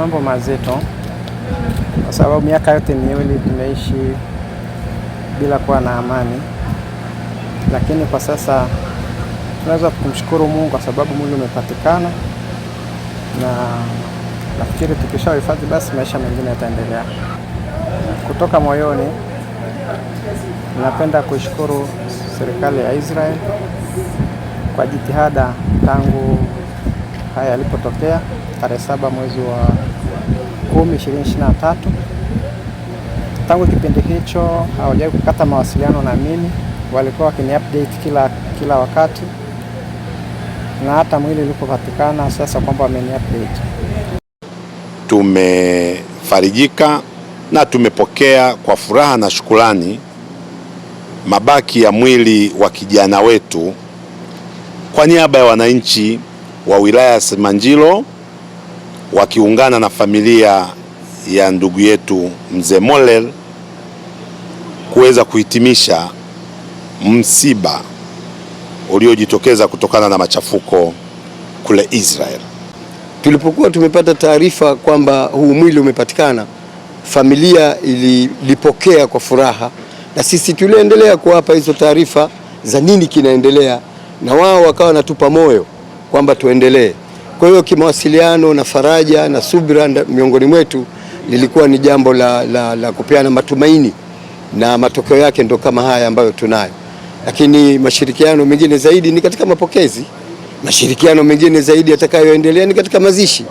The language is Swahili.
mambo mazito, kwa sababu miaka yote miwili tumeishi bila kuwa na amani, lakini kwa sasa tunaweza kumshukuru Mungu kwa sababu mwili umepatikana, na nafikiri tukishahifadhi, basi maisha mengine yataendelea. Kutoka moyoni, napenda kuishukuru serikali ya Israel kwa jitihada tangu haya yalipotokea tarehe saba mwezi wa 10 2023. Tangu kipindi hicho hawajawahi kukata mawasiliano na mimi, walikuwa wakini update kila, kila wakati na hata mwili ulipopatikana sasa kwamba wameni update. Tumefarijika na tumepokea kwa furaha na shukrani mabaki ya mwili wa kijana wetu kwa niaba ya wananchi wa wilaya ya Simanjiro wakiungana na familia ya ndugu yetu mzee molel kuweza kuhitimisha msiba uliojitokeza kutokana na machafuko kule Israel. Tulipokuwa tumepata taarifa kwamba huu mwili umepatikana, familia ilipokea kwa furaha, na sisi tuliendelea kuwapa hizo taarifa za nini kinaendelea, na wao wakawa natupa moyo kwamba tuendelee. Kwa hiyo kimawasiliano na faraja na subira miongoni mwetu lilikuwa ni jambo la, la, la kupeana matumaini na matokeo yake ndo kama haya ambayo tunayo. Lakini mashirikiano mengine zaidi ni katika mapokezi, mashirikiano mengine zaidi yatakayoendelea ni katika mazishi.